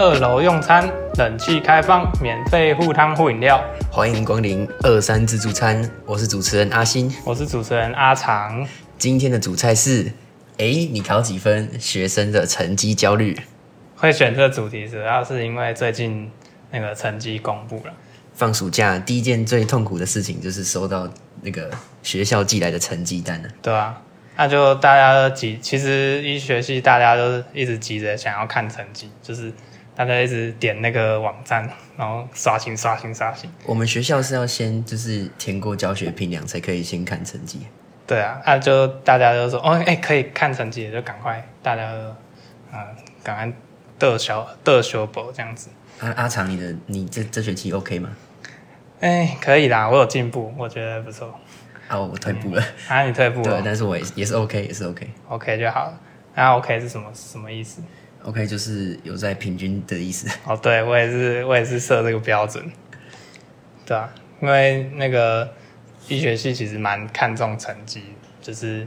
二樓用餐，冷氣開放，免費護湯護飲料。歡迎光臨二三自助餐，我是主持人阿心，我是主持人阿腸。今天的主菜是，哎、欸，你考幾分？學生的成績焦慮。會選這個主題，主、啊、要是因為最近那個成績公布了。放暑假第一件最痛苦的事情，就是收到那個學校寄來的成績單了。對啊，那就大家都急，其實醫學系大家都一直急着想要看成績，就是。他在一直點那個網站，然後刷新、刷新、刷新。我們學校是要先就是填過教學評量才可以先看成績。對啊，那、啊、就大家就說哦，哎、欸，可以看成績，就趕快，大家都，嗯、呃，趕快得小得小補這樣子。啊、阿阿腸，你的你這這學期 OK 嗎？哎、欸，可以啦，我有進步，我覺得不錯。啊，我退步了，嗯。啊，你退步了？ 對，但是我也是 OK，也是 OK，OK、OK okay、就好了。啊，OK 是什麼是什麼意思？OK，就是有在平均的意思。哦，對，我也是，我也是設這個標準。對啊，因為那個醫學系其實蠻看重成績，就是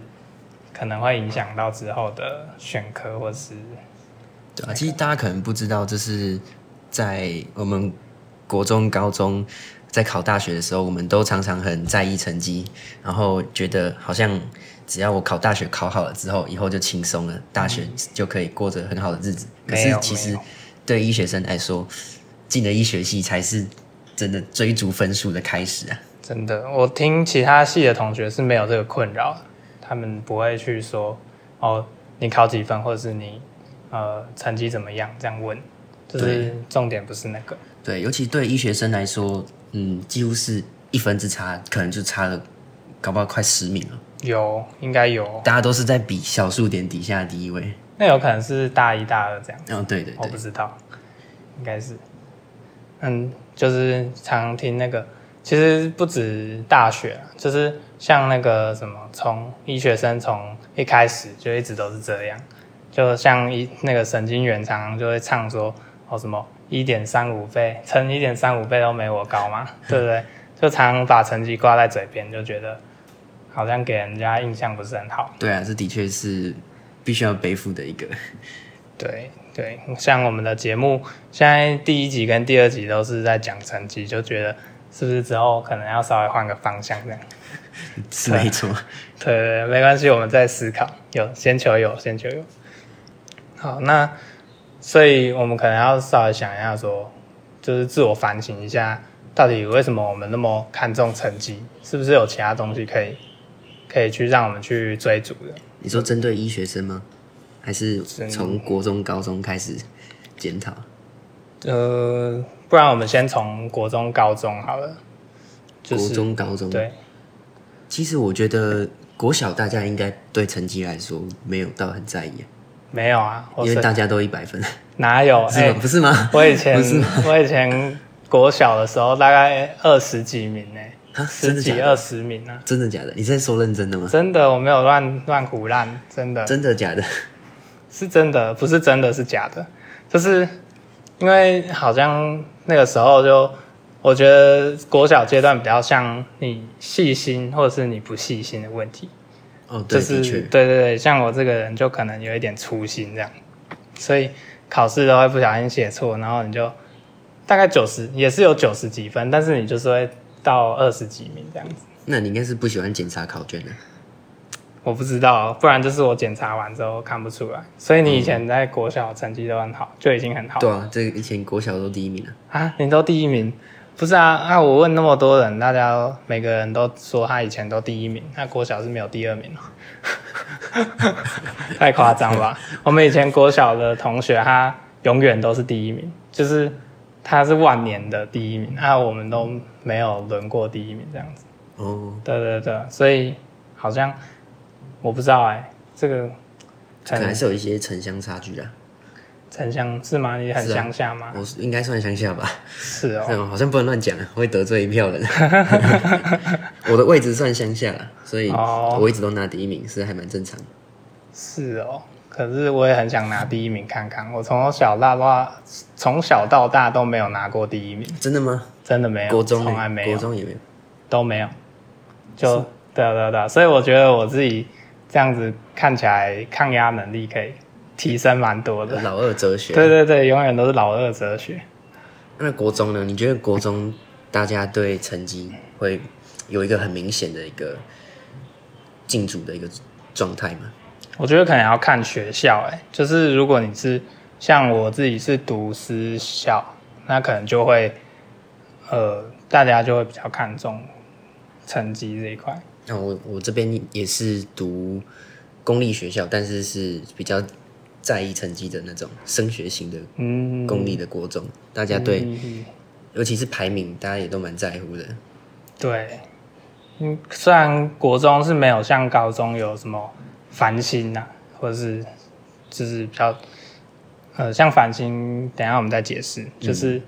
可能會影響到之後的選科，或是、那個、對啊。其實大家可能不知道，就是在我們國中、高中，在考大學的時候，我們都常常很在意成績，然後覺得好像。只要我考大學考好了之後，以後就輕鬆了，大學就可以過着很好的日子。嗯、可是其實對醫學生來說，進了醫學系才是真的追逐分數的開始啊！真的，我聽其他系的同學是沒有這個困擾，他們不會去說哦，你考幾分，或者是你呃成績怎麼樣這樣問，就是對重點不是那個。對，尤其對醫學生來說，嗯，幾乎是一分之差，可能就差了，搞不好快十名了。有，應該有。大家都是在比小數點底下第一位。那有可能是大一、大二這樣。哦，對對對，我不知道，應該是，嗯，就是常聽那個，其實不止大學啊，就是像那個什麼，從醫學生從一開始就一直都是這樣，就像一那個神經元常常就會唱說哦什麼一點三五倍，乘一點三五倍都沒我高嘛， 對不對？就常把成績掛在嘴邊，就覺得。好像給人家印象不是很好。對啊，這的確是必須要背負的一個。對對，像我們的節目，現在第一集跟第二集都是在講成績，就覺得是不是之後可能要稍微換個方向，這樣。是沒錯。對，對，對，對，沒關係，我們在思考。有先求有，先求有。好，那所以我們可能要稍微想一下說，說就是自我反省一下，到底為什麼我們那麼看重成績？是不是有其他東西可以？可以去讓我們去追逐的。你說針對醫學生嗎？還是從國中、高中開始檢討？嗯。呃，不然我們先從國中、高中好了。就是，國中、高中。對。其實我覺得國小大家應該對成績來說沒有到很在意啊。沒有啊，因為大家都一百分，哪有？是嗎？欸，不是嗎？我以前不是，我以前國小的時候大概二十幾名呢。十幾二十名啊！真的假的？你在說認真的嗎？真的，我沒有亂亂唬爛，真的。真的假的？是真的，不是真的，是假的。就是因為好像那個時候就，我覺得國小階段比較像你細心或者是你不細心的問題。哦，對，對對對，像我這個人就可能有一點粗心這樣，所以考試都會不小心寫錯，然後你就大概九十也是有九十幾分，但是你就是會。到二十幾名這樣子，那你應該是不喜歡檢查考卷的、啊。我不知道，不然就是我檢查完之後看不出來。所以你以前在國小成績都很好，嗯、就已經很好。對啊，這以前國小都第一名了啊！你都第一名，不是啊？那、啊、我問那麼多人，大家都每個人都說他以前都第一名，那國小是沒有第二名 太誇張吧！ 我們以前國小的同學，他永遠都是第一名，就是。他是萬年的第一名，那、啊、我們都沒有輪過第一名這樣子。哦，對對對，所以好像我不知道哎、欸，這個可能還是有一些城鄉差距啦。城鄉是嗎？你很鄉下嗎？是啊、我應該算鄉下吧。是哦是，好像不能亂講，會得罪一票人。 我的位置算鄉下啦，所以我一直都拿第一名，是還蠻正常的。哦是哦。可是我也很想拿第一名看看。我從小到大，從小到大都沒有拿過第一名。真的嗎？真的沒有，國中從來沒有，國中也沒有，都沒有。就是，對對對，所以我覺得我自己這樣子看起來抗壓能力可以提升蠻多的。老二哲學，對對對，永遠都是老二哲學。那國中呢？你覺得國中大家對成績會有一個很明顯的一個進組的一個狀態嗎？我覺得可能要看學校，哎，就是如果你是像我自己是讀私校，那可能就會，呃，大家就會比較看重成績這一塊。那我、哦、我這邊也是讀公立學校，但是是比較在意成績的那種升學型的公立的國中，嗯、大家對、嗯、尤其是排名，大家也都蠻在乎的。對，嗯，雖然國中是沒有像高中有什麼。繁星吶，或者是，就是比較，呃，像繁星，等一下我們再解釋。就是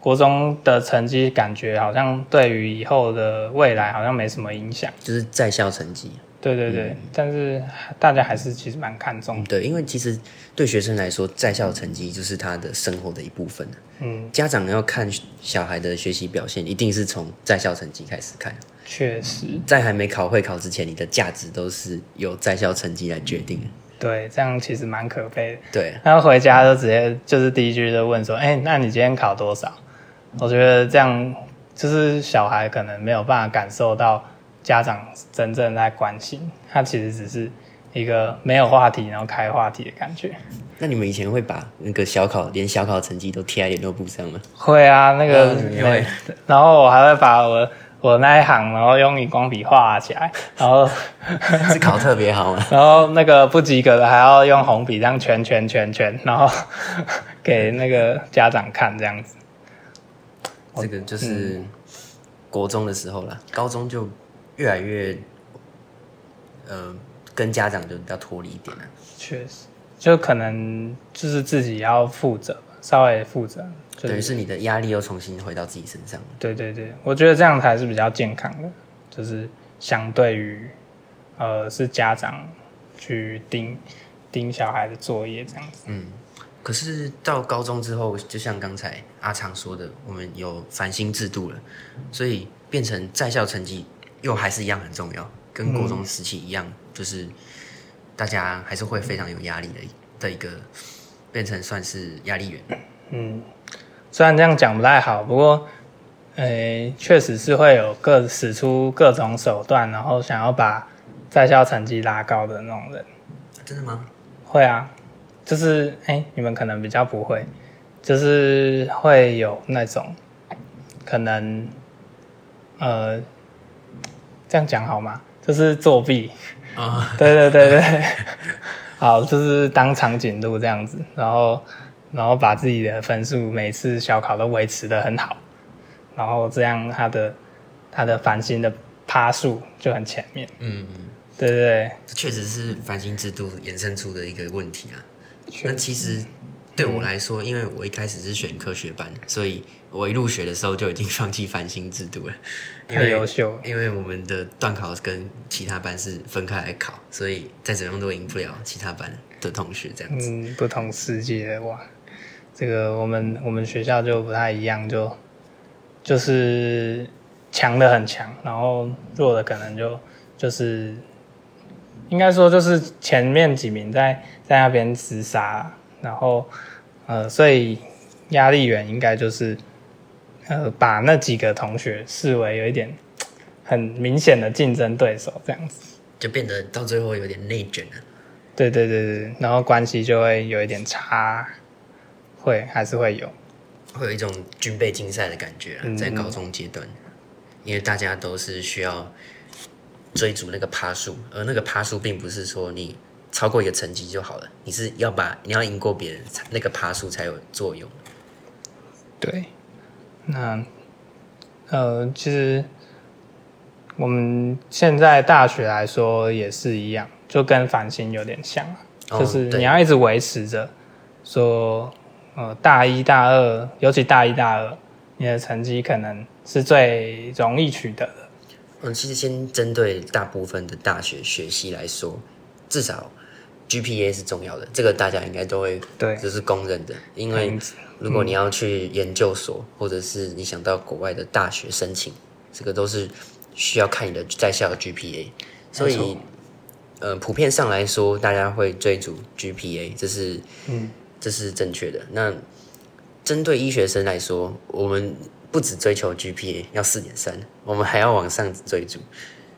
國中的成績，感覺好像對於以後的未來好像沒什麼影響。就是在校成績。對對對，嗯、但是大家還是其實蠻看重的。對，因為其實對學生來說，在校成績就是他的生活的一部分、啊。嗯，家長要看小孩的學習表現，一定是從在校成績開始看。確實，在還沒考會考之前，你的價值都是由在校成績來決定的。對，這樣其實蠻可悲的。對，然後回家就直接就是第一句就問說：“哎、嗯，那你今天考多少？”我覺得這樣就是小孩可能沒有辦法感受到家長真正在關心他，其實只是一個沒有話題然後開話題的感覺、嗯。那你們以前會把那個小考連小考成績都貼在聯絡簿上嗎？會啊，那個會。然後我還會把我。我那一行，然後用熒光筆畫起來，然後 是考特別好 然後那個不及格的，還要用紅筆這樣圈圈圈圈，然後 給那個家長看這樣子。這個就是國中的時候啦，嗯、高中就越來越呃，跟家長就比較脫離一點了、啊。確實，就可能就是自己要負責，稍微負責。等於是你的壓力又重新回到自己身上。對對對，我覺得這樣才是比較健康的，就是相對於呃是家長去盯盯小孩的作業這樣子。嗯，可是到高中之後，就像剛才阿腸說的，我們有繁星制度了，所以變成在校成績又還是一樣很重要，跟高中時期一樣，嗯、就是大家還是會非常有壓力的的一個變成算是壓力源。嗯。雖然這樣講不太好，不過，誒、欸，確實是會有各使出各種手段，然後想要把在校成績拉高的那種人，真的嗎？會啊，就是誒、欸，你們可能比較不會，就是會有那種可能，呃，這樣講好嗎？就是作弊啊，Oh. 對對對對， 好，就是當長頸鹿這樣子，然後。然後把自己的分數每次小考都維持得很好，然後這樣他的他的繁星的趴數就很前面。嗯，對對對，確實是繁星制度衍生出的一個問題啊。確那其實對我來說，嗯、因為我一開始是選科學班，所以我一入學的時候就已經放棄繁星制度了。很優秀，因為我們的段考跟其他班是分開來考，所以再怎樣都贏不了其他班的同學這樣子。嗯，不同世界哇。這個我們我們學校就不太一樣，就就是強的很強，然後弱的可能就就是應該說，就是前面幾名在在那邊廝殺，然後呃，所以壓力源應該就是呃把那幾個同學視為有一點很明顯的競爭對手這樣子，就變得到最後有點內卷了。對對對對，然後關係就會有一點差。會還是會有，會有一種軍備競賽的感覺、啊，在高中階段，嗯、因為大家都是需要追逐那個趴數，而那個趴數並不是說你超過一個成績就好了，你是要把你要贏過別人，那個趴數才有作用。對，那呃，其實我們現在大學來說也是一樣，就跟繁星有點像、啊，哦、就是你要一直維持着說。對呃、大一、大二，尤其大一、大二，你的成績可能是最容易取得的。嗯，其實先針對大部分的大學學習來說，至少 GPA 是重要的，這個大家應該都會，對，這是公認的。對因為如果你要去研究所，嗯、或者是你想到國外的大學申請，嗯、這個都是需要看你的在校的 GPA 沒錯。所以、呃，普遍上來說，大家會追逐 GPA，這、就是嗯。這是正確的。那針對醫學生來說，我們不只追求 GPA 要四點三，我們還要往上追逐。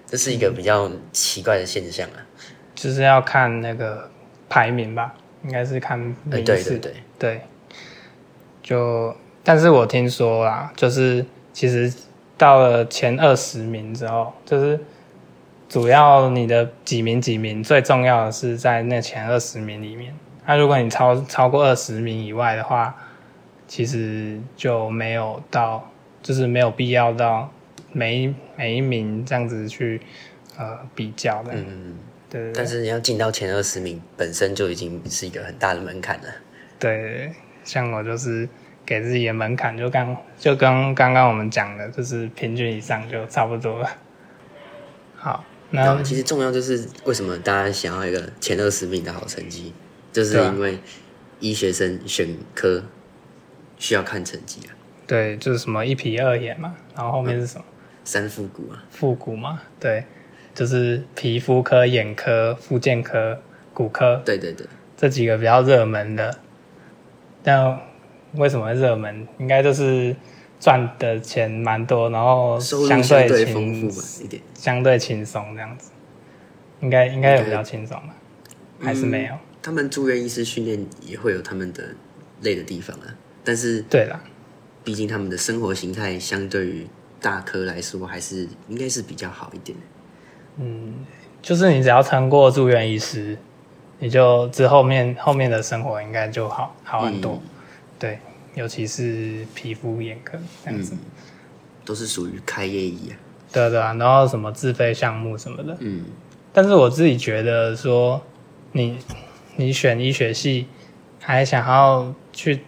這是一個比較奇怪的現象啊，嗯，就是要看那個排名吧，應該是看名次。呃，對對對，對。就，但是我聽說啦，就是其實到了前二十名之後，就是主要你的幾名幾名，最重要的是在那前二十名裡面。那如果你超超過二十名以外的話，其實就沒有到，就是沒有必要到每一每一名這樣子去呃比較的。嗯對，對，對。但是你要進到前二十名，本身就已經是一個很大的門檻了。對，像我就是給自己的門檻，就剛就跟剛剛我們講的，就是平均以上就差不多了。好，那其實重要就是為什麼大家想要一個前二十名的好成績？就是因為醫學生選科需要看成績啊。對，就是什麼一皮二眼嘛，然後後面是什麼三復骨啊，復骨嘛，對，就是皮膚科、眼科、復健科、骨科，對對對，這幾個比較熱門的。但為什麼熱門？應該就是賺的錢蠻多，然後相對相對豐富吧一點，相對輕鬆這樣子。應該應該有比較輕鬆吧？該還是沒有？嗯他們住院醫師訓練也會有他們的累的地方啊，但是對啦，畢竟他們的生活形態相對於大科來說，還是應該是比較好一點的。嗯，就是你只要參過住院醫師，你就之後面後面的生活應該就好好很多。嗯、對，尤其是皮膚眼科這樣子，嗯、都是屬於開業醫啊。對，對對啊，然後什麼自費項目什麼的，嗯。但是我自己覺得說你。你選醫學系，還想要去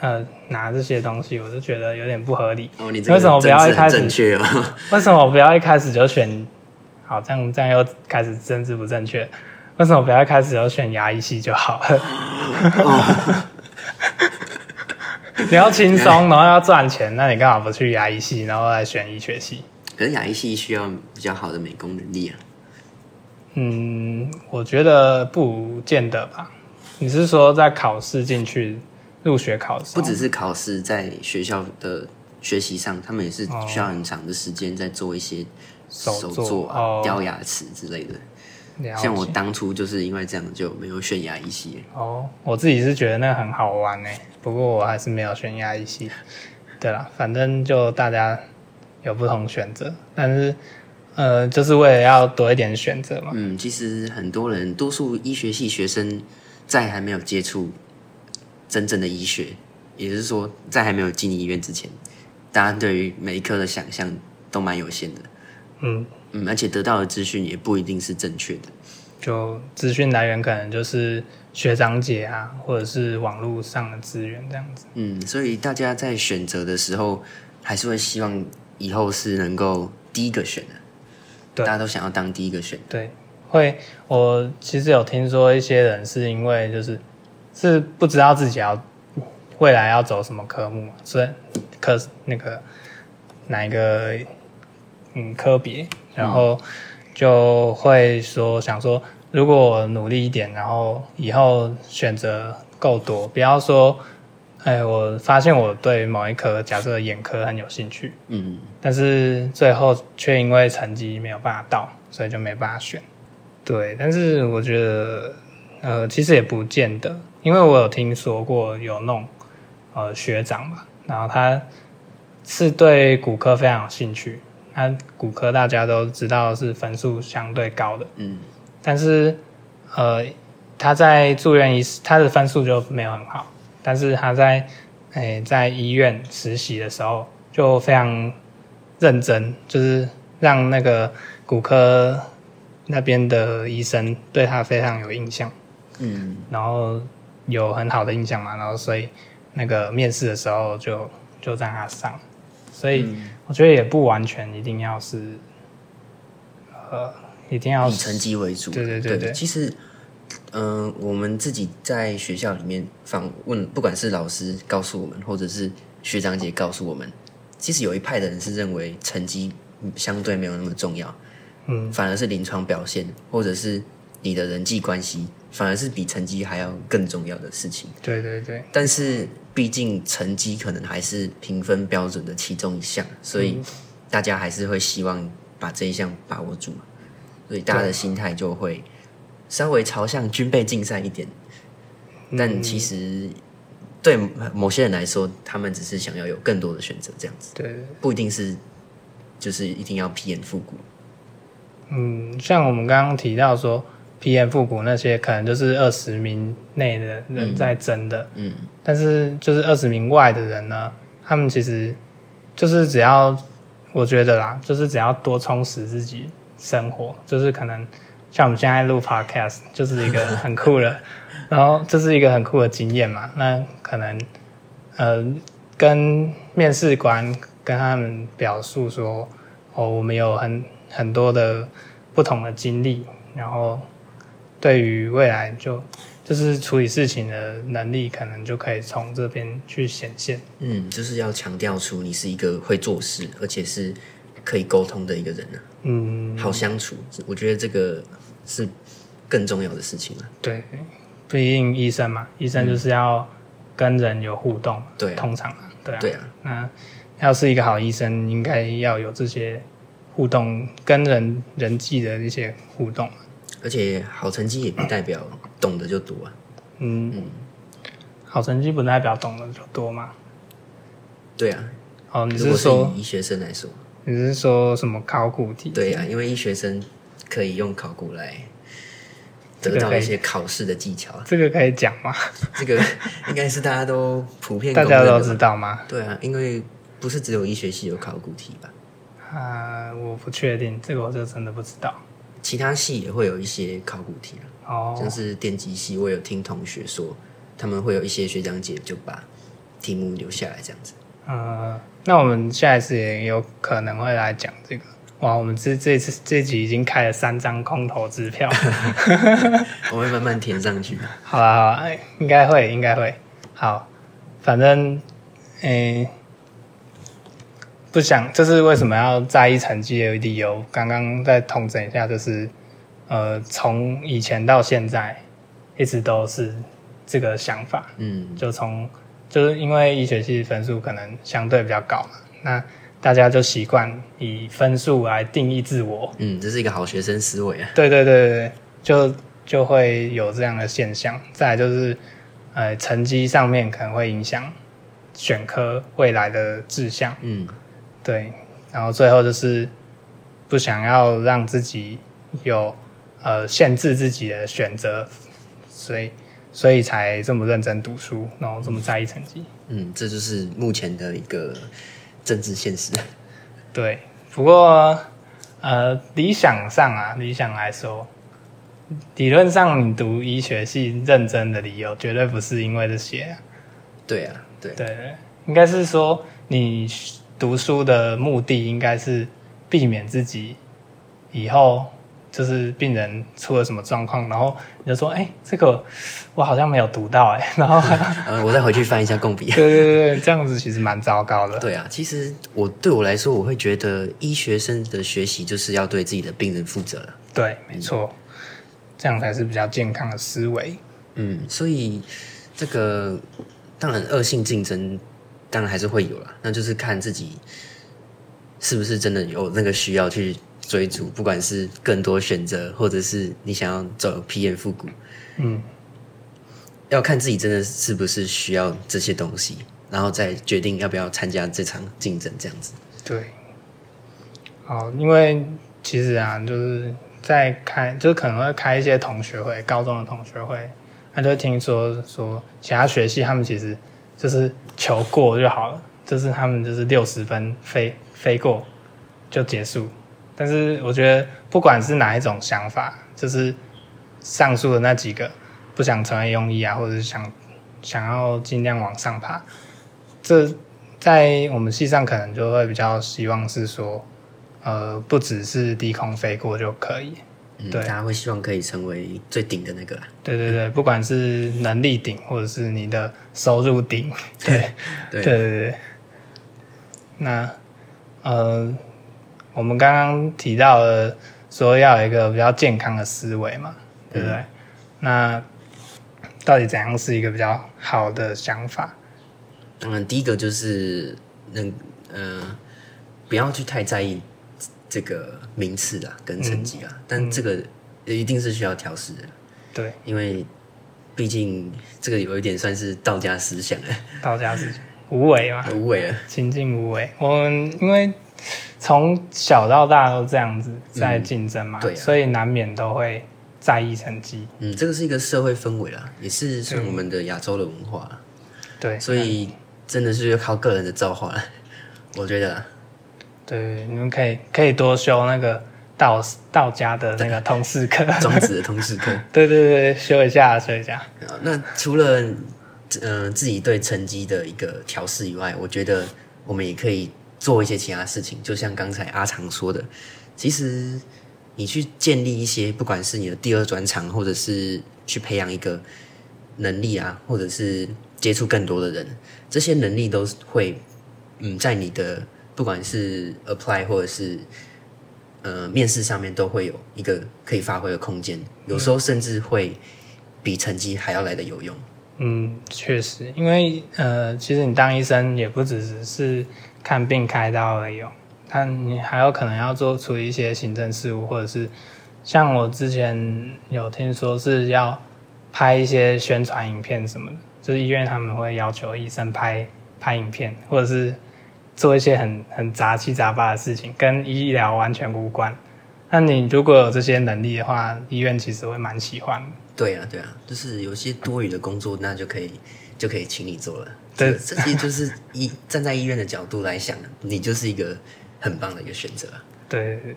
呃拿這些東西，我就覺得有點不合理。哦哦、為什麼不要一開始？為什麼不要一開始就選？好，這樣這樣又開始政治不正確。為什麼不要一開始就選牙醫系就好了？你要輕鬆，然後要賺錢，那你幹嘛不去牙醫系，然後來選醫學系？可是牙醫系需要比較好的美工能力啊。嗯，我覺得不見得吧。你是說在考試進去入學考試？不只是考試，在學校的學習上，他們也是需要很長的時間在做一些手作、雕牙齒之類的。了解。像我當初就是因為這樣就沒有選牙醫系。哦，oh, 我自己是覺得那很好玩哎，不過我還是沒有選牙醫系。對啦，反正就大家有不同選擇，oh. 但是。呃，就是為了要多一點選擇嘛。嗯，其實很多人，多數醫學系學生在還沒有接觸真正的醫學，也就是說，在還沒有進醫院之前，大家對於每一科的想象都蠻有限的。嗯嗯，而且得到的資訊也不一定是正確的。就資訊來源可能就是學長姐啊，或者是網絡上的資源這樣子。嗯，所以大家在選擇的時候，還是會希望以後是能夠第一個選的啊。對大家都想要當第一個選，對，會。我其實有聽說一些人是因為就是是不知道自己要未來要走什麼科目，所以科那個哪一個嗯科別，然後就會說、嗯、想說如果我努力一點，然後以後選擇夠多，不要說。哎，我發現我對某一科，假設眼科很有興趣，嗯，但是最後卻因為成績沒有辦法到，所以就沒辦法選。對，但是我覺得，呃，其實也不見得，因為我有聽說過有那種，呃，學長嘛，然後他是對骨科非常有興趣，那骨科大家都知道的是分數相對高的，嗯，但是，呃，他在住院醫師，他的分數就沒有很好。但是他在，哎、欸，在醫院實習的時候就非常認真，就是讓那個骨科那邊的醫生對他非常有印象。嗯。然後有很好的印象嘛，然後所以那個面試的時候就就讓他上。所以我覺得也不完全一定要是，呃，一定要以成績為主。對對對對，對其實。嗯、呃，我們自己在學校裡面訪問，不管是老師告訴我們，或者是學長姐告訴我們，其實有一派的人是認為成績相對沒有那麼重要，嗯，反而是臨床表現，或者是你的人際關係，反而是比成績還要更重要的事情。對對對。但是畢竟成績可能還是評分標準的其中一項，所以大家還是會希望把這一項把握住嘛，所以大家的心態就會。稍微朝向軍備競賽一點，但其實對某些人來說，他們只是想要有更多的選擇，這樣子。對，不一定是就是一定要 PM 復古。嗯，像我們剛剛提到說 PM 復古那些，可能就是二十名內的人在爭的嗯。嗯，但是就是二十名外的人呢，他們其實就是只要我覺得啦，就是只要多充實自己生活，就是可能。像我們現在錄 Podcast，就是一個很酷的， 然後這是一個很酷的經驗嘛。那可能呃，跟面試官跟他們表述說，哦，我們有很很多的不同的經歷，然後對於未來就就是處理事情的能力，可能就可以從這邊去顯現。嗯，就是要強調出你是一個會做事，而且是。可以溝通的一個人呢、啊？嗯，好相處，我覺得這個是更重要的事情了、啊。對，畢竟醫生嘛，醫生就是要跟人有互動。對、嗯，通常啊對啊。對啊，那要是一個好醫生，應該要有這些互動，跟人人際的一些互動。而且好成績也不代表懂得就多啊。嗯、嗯，好成績不代表懂得就多嘛。對啊。哦，你是說是醫學生來說？你是說什麼考古題？對啊，因為醫學生可以用考古來得到一些考試的技巧。這個，這個可以講嗎？ 這個應該是大家都普遍大家都知道嗎？對啊，因為不是只有醫學系有考古題吧？啊，我不確定，這個我就真的不知道。其他系也會有一些考古題啊，哦、像是電機系，我有聽同學說他們會有一些學長姐就把題目留下來這樣子。呃、嗯。那我們下一次也有可能會來講這個哇！我們這這次這集已經開了三張空頭支票， 我會慢慢填上去。好啊，好啊，應該會，應該會。好，反正，誒、欸，不想，這、就是為什麼要在意成績的理由。剛剛再統整一下，就是，呃，從以前到現在，一直都是這個想法。嗯，就從。就是因為醫學系分數可能相對比較高嘛，那大家就習慣以分數來定義自我。嗯，這是一個好學生思維。對對對對，就就會有這樣的現象。再來就是，呃，成績上面可能會影響選科未來的志向。嗯，對。然後最後就是不想要讓自己有呃限制自己的選擇，所以。所以才這麼認真讀書，然後這麼在意成績。嗯，嗯，這就是目前的一個政治現實。對，不過呃，理想上啊，理想來說，理論上你讀醫學系認真的理由，絕對不是因為這些啊。對啊，對啊對對，應該是說你讀書的目的，應該是避免自己以後。就是病人出了什麼狀況，然後你就說：“哎、欸，這個我好像沒有讀到，哎。”然後、嗯嗯、我再回去翻一下共筆。 對對對，這樣子其實蠻糟糕的。對啊，其實我對我來說，我會覺得醫學生的學習就是要對自己的病人負責了。對，沒錯，嗯、這樣才是比較健康的思維。嗯，所以這個當然惡性競爭，當然還是會有了。那就是看自己是不是真的有那個需要去。追逐，不管是更多選擇，或者是你想要走皮眼復骨，嗯，要看自己真的是不是需要這些東西，然後再決定要不要參加這場競爭，這樣子。對，好，因為其實啊，就是在開，就是可能會開一些同學會，高中的同學會，他就會聽說說其他學系他們其實就是求過就好了，就是他們就是六十分飛飛過就結束。但是我覺得，不管是哪一種想法，就是上述的那幾個，不想成為庸醫啊，或者是想想要儘量往上爬，這在我們系上可能就會比較希望是說，呃，不只是低空飛過就可以，對，嗯，大家會希望可以成為最頂的那個，啊。對對對，不管是能力頂，或者是你的收入頂，對 對，對對對。那呃。我們剛剛提到的說要有一個比較健康的思維嘛，對不對？嗯、那到底怎樣是一個比較好的想法？嗯，第一個就是嗯、呃，不要去太在意這個名次啊、跟成績啊，嗯、但這個一定是需要調試的。對、嗯，因為畢竟這個有一點算是道家思想，道家思想無為嘛，無為了，清淨無為。我們因為。從小到大都這樣子在競爭嘛，嗯、對、啊，所以難免都會在意成績。嗯，這個是一個社會氛圍啦，也是是我們的亞洲的文化、嗯。對，所以真的是要靠個人的造化 我覺得、啊，對，你們可以可以多修那個道道家的那個通識課，莊子的通識課。對對對，修一下修一下。那除了嗯、呃、自己對成績的一個調試以外，我覺得我們也可以。做一些其他事情，就像剛才阿腸說的，其實你去建立一些，不管是你的第二專長，或者是去培養一個能力啊，或者是接觸更多的人，這些能力都會，嗯，在你的不管是 apply 或者是呃面試上面都會有一個可以發揮的空間，有時候甚至會比成績還要來得有用。嗯，確實，因為呃，其實你當醫生也不只是。看病開刀而已哦，但你還有可能要做出一些行政事務，或者是像我之前有聽說是要拍一些宣傳影片什麼的，就是醫院他們會要求醫生拍拍影片，或者是做一些很很雜七雜八的事情，跟醫療完全無關。那你如果有這些能力的話，醫院其實會蠻喜歡。對啊，對啊，就是有些多餘的工作，那就可以就可以請你做了。對，這些就是一站在醫院的角度來想，你就是一個很棒的一個選擇。對，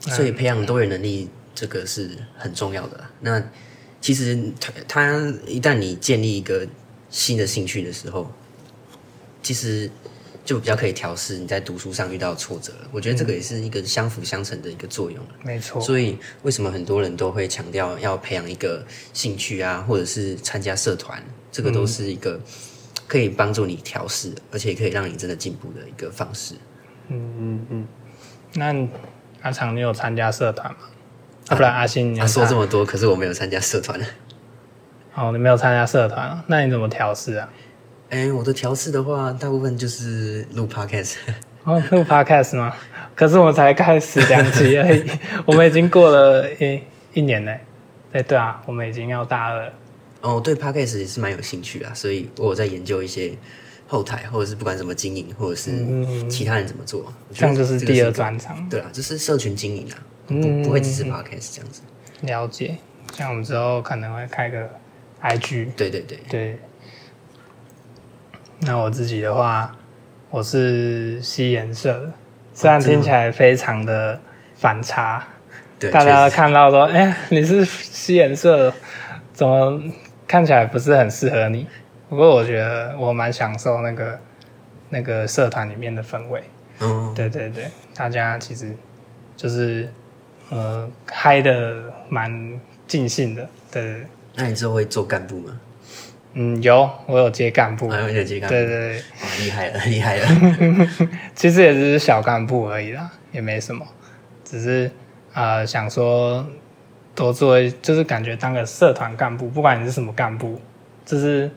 所以培養多元能力這個是很重要的。那其實他他一旦你建立一個新的興趣的時候，其實就比較可以調適你在讀書上遇到的挫折。我覺得這個也是一個相輔相成的一個作用。沒錯，所以為什麼很多人都會強調要培養一個興趣啊，或者是參加社團，這個都是一個，可以幫助你調適，而且可以讓你真的進步的一個方式。嗯嗯嗯，嗯，那阿腸，你有參加社團嗎？啊啊、不然阿心，你、啊、說這麼多，可是我沒有參加社團。哦，你沒有參加社團啊？那你怎麼調適啊、欸？我的調適的話，大部分就是錄 podcast。哦，錄 podcast 嗎？ 可是我才開始兩集而已， 我們已經過了一一年嘞。哎，對啊，我們已經要大二。哦，oh, 對，Podcast 也是蠻有興趣啊，所以我有在研究一些後台，或者是不管怎麼經營，或者是其他人怎麼做，嗯、覺這樣就是第二戰場，這個、對啊，就是社群經營啊，嗯、不不會只是 Podcast 這樣子。了解，像我們之後可能會開個 IG，對對對對。那我自己的話，我是吸顏色的，雖然聽起來非常的反差，哦這個、對，大家看到說，哎實、欸，你是吸顏色的，怎麼？看起來不是很適合你，不過我覺得我蠻享受那個那個社團裡面的氛圍。嗯，哦哦、對對對，大家其實就是呃嗨的蠻盡興的。對，那你之後會做幹部嗎？嗯，有，我有接幹部，我有接幹部。對對對，哇、厲害了，厲害了。 其實也只是小幹部而已啦，也沒什麼，只是啊、呃、想說。多做，就是感覺當個社團幹部，不管你是什麼幹部，就是，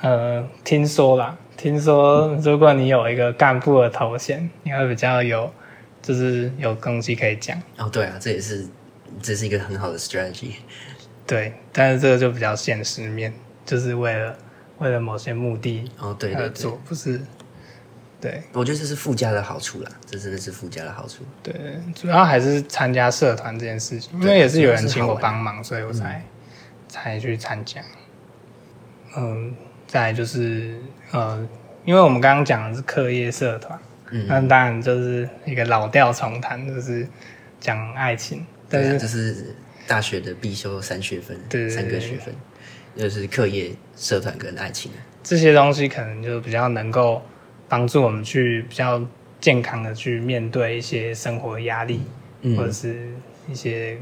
呃，聽說啦，聽說如果你有一個幹部的頭銜，嗯、你會比較有，就是有東西可以講。哦，對啊，這也是，這是一個很好的 strategy。對，但是這個就比較現實面，就是為了為了某些目的，哦，對，對而做，不是。對，我覺得這是附加的好處啦，這真的是附加的好處。對，主要還是參加社團這件事情，因為也是有人請我幫忙，嗯、所以我才、嗯、才去參加。嗯、呃，再來就是呃，因為我們剛剛講的是課業社團，嗯，嗯，那當然就是一個老調重彈，就是講愛情。對、啊，這、就是大學的必修三學分，對，對，對，對，對，三個學分，就是課業社團跟愛情這些東西，可能就比較能夠幫助我們去比較健康的去面對一些生活壓力，嗯、或者是一些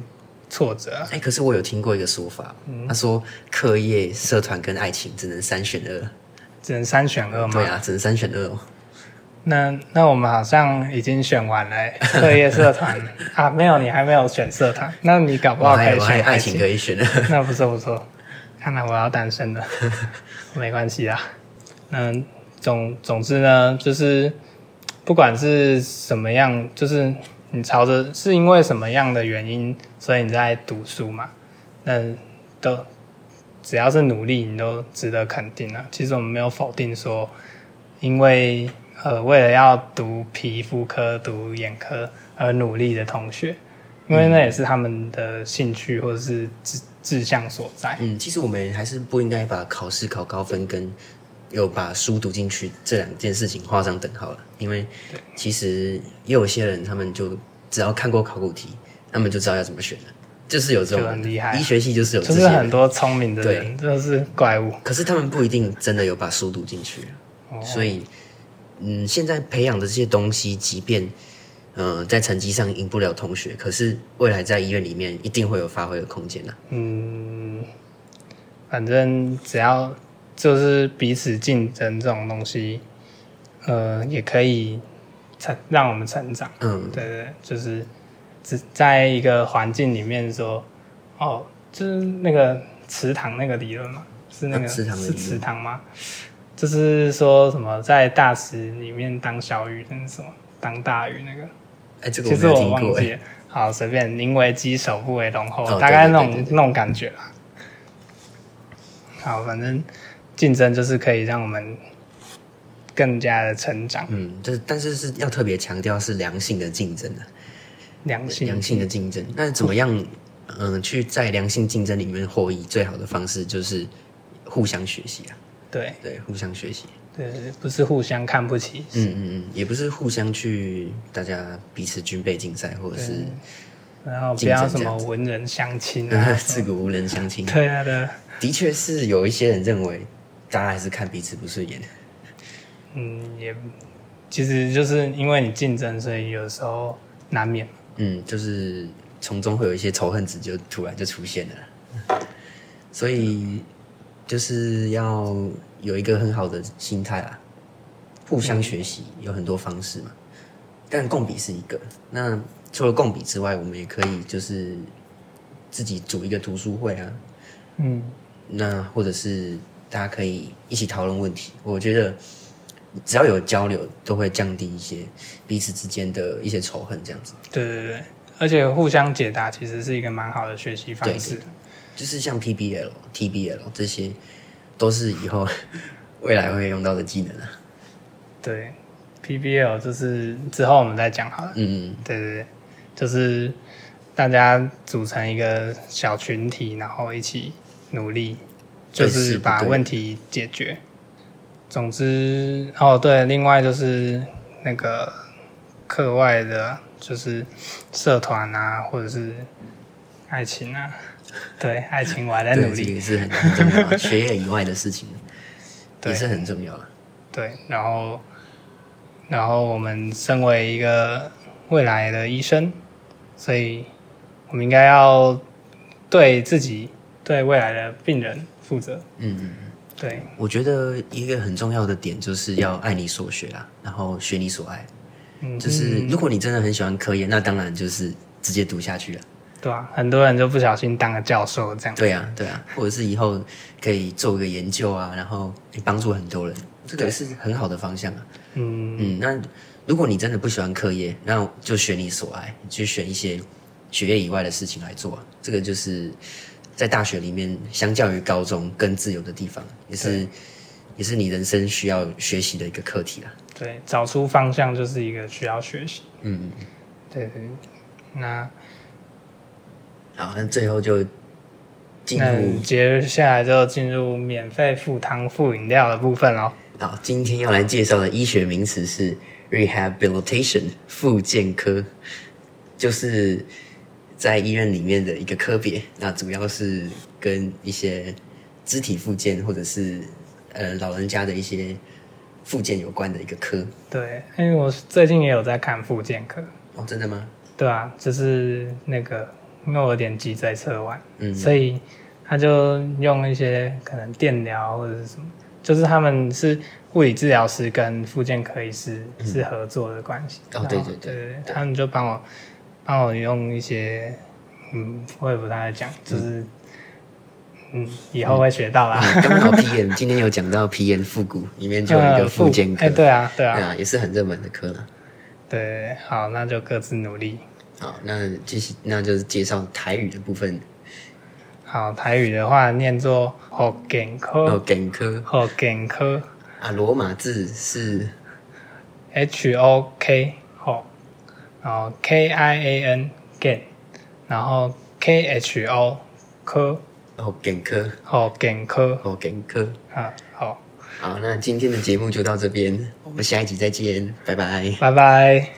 挫折哎、欸，可是我有聽過一個說法，嗯、他說，課業、社團跟愛情只能三選二，只能三選二嗎？對啊，只能三選二。那那我們好像已經選完了課業、社團 啊？沒有，你還沒有選社團，那你搞不好可以選愛情，我還我還愛情可以選。 那不錯不錯，看來我要單身了。 沒關係啊，那總總之呢，就是不管是什麼樣，就是你朝着是因為什麼樣的原因，所以你在讀書嘛，那都只要是努力，你都值得肯定啊。其實我們沒有否定說，因為呃為了要讀皮膚科、讀眼科而努力的同學，因為那也是他們的興趣或者是志、嗯、志向所在。嗯，其實我們還是不應該把考試考高分跟有把書讀進去這兩件事情畫上等號了，因為其實也有一些人，他們就只要看過考古題，他們就知道要怎麼選了，就是有這種、很厲害啊、醫學系就是有這種，就是很多聰明的人，對就是怪物。可是他們不一定真的有把書讀進去，所以嗯，現在培養的這些東西，即便嗯、呃、在成績上贏不了同學，可是未來在醫院裡面一定會有發揮的空間的。嗯，反正只要。就是彼此競爭這種東西，呃，也可以成讓我們成長。嗯，對對,對就是只在一個環境裡面說，哦，就是那個池塘那個理論嘛，是那個、啊、池是池塘嗎？就是說什麼在大池裡面當小魚，是什麼當大魚那個？哎、欸，這個其實我忘記。是好，隨便寧為雞首不為龍後，哦、大概那種對對對對那種感覺啦。好，反正。競爭就是可以讓我們更加的成長。嗯，就是但是是要特別強調是良性的競爭、啊、良性良性的競爭。那怎麼樣？ 嗯，去在良性競爭裡面獲益最好的方式就是互相學習啊。對對，互相學習。對，不是互相看不起。嗯嗯嗯，也不是互相去大家彼此軍備競賽，或者是然後不要什麼文人相輕啊。 自古文人相輕。對啊，的確是有一些人認為。大家還是看彼此不順眼，嗯，也其實就是因為你競爭，所以有時候難免。嗯，就是從中會有一些仇恨值就突然就出現了，所以就是要有一個很好的心態啊，互相學習有很多方式嘛，嗯、但共筆是一個。那除了共筆之外，我們也可以就是自己組一個讀書會啊，嗯，那或者是。大家可以一起討論問題，我覺得只要有交流，都會降低一些彼此之間的一些仇恨，這樣子。對對對，而且互相解答其實是一個蠻好的學習方式。對對，就是像 PBL、TBL 這些，都是以後 未來會用到的技能啊。對，PBL 就是之後我們再講好了。嗯嗯，對對對，就是大家組成一個小群體，然後一起努力。就是把問題解決。總之，哦，對，另外就是那個課外的，就是社團啊，或者是愛情啊。對，愛情我還在努力，是很重要的，學業以外的事情也是很重要的。對，然後，然後，然後我們身為一個未來的醫生，所以我們應該要對自己、對未來的病人。負責，嗯嗯嗯，對，我覺得一個很重要的點就是要愛你所學啦、啊，然後學你所愛，嗯，就是如果你真的很喜歡科研，那當然就是直接讀下去了，對啊，很多人就不小心當個教授這樣，對啊對啊，或者是以後可以做一個研究啊，然後幫助很多人，這個也是很好的方向啊，對嗯嗯，那如果你真的不喜歡科研，那就學你所愛，去選一些學業以外的事情來做、啊，這個就是。在大學裡面，相較於高中更自由的地方，也是對也是你人生需要學習的一個課題啦。對，找出方向就是一個需要學習。嗯嗯對，對，對，那好，那最後就進入接下來就進入免費附湯附飲料的部分嘍。好，今天要來介紹的醫學名詞是 rehabilitation，復健科，就是。在醫院裡面的一個科別，那主要是跟一些肢體復健或者是呃老人家的一些復健有關的一個科。對，因為我最近也有在看復健科。哦，真的嗎？對啊，就是那個因為我有點脊椎側彎，嗯，所以他就用一些可能電療或者是什麼，就是他們是物理治療師跟復健科醫師是合作的關係。嗯、後哦，對對對，對他們就幫我。然後用一些，嗯，我也不太會講，就是，嗯，以後會學到啦。剛好皮炎，今天有講到皮炎復古，裡面就有一個復健科。對啊，對啊，也是很熱門的科了。對，好，那就各自努力。好，那繼續，那就是介紹台語的部分。好，台語的話念作 ho geng 科，ho geng 科，ho geng 科啊，羅馬字是 “h o k”。然後 K I A N 健，然後 K H O 科，哦、oh,，健科、oh,，哦、oh,，健科，哦，健科，啊，好，好，那今天的節目就到這邊， 我們下一集再見，拜拜，拜拜。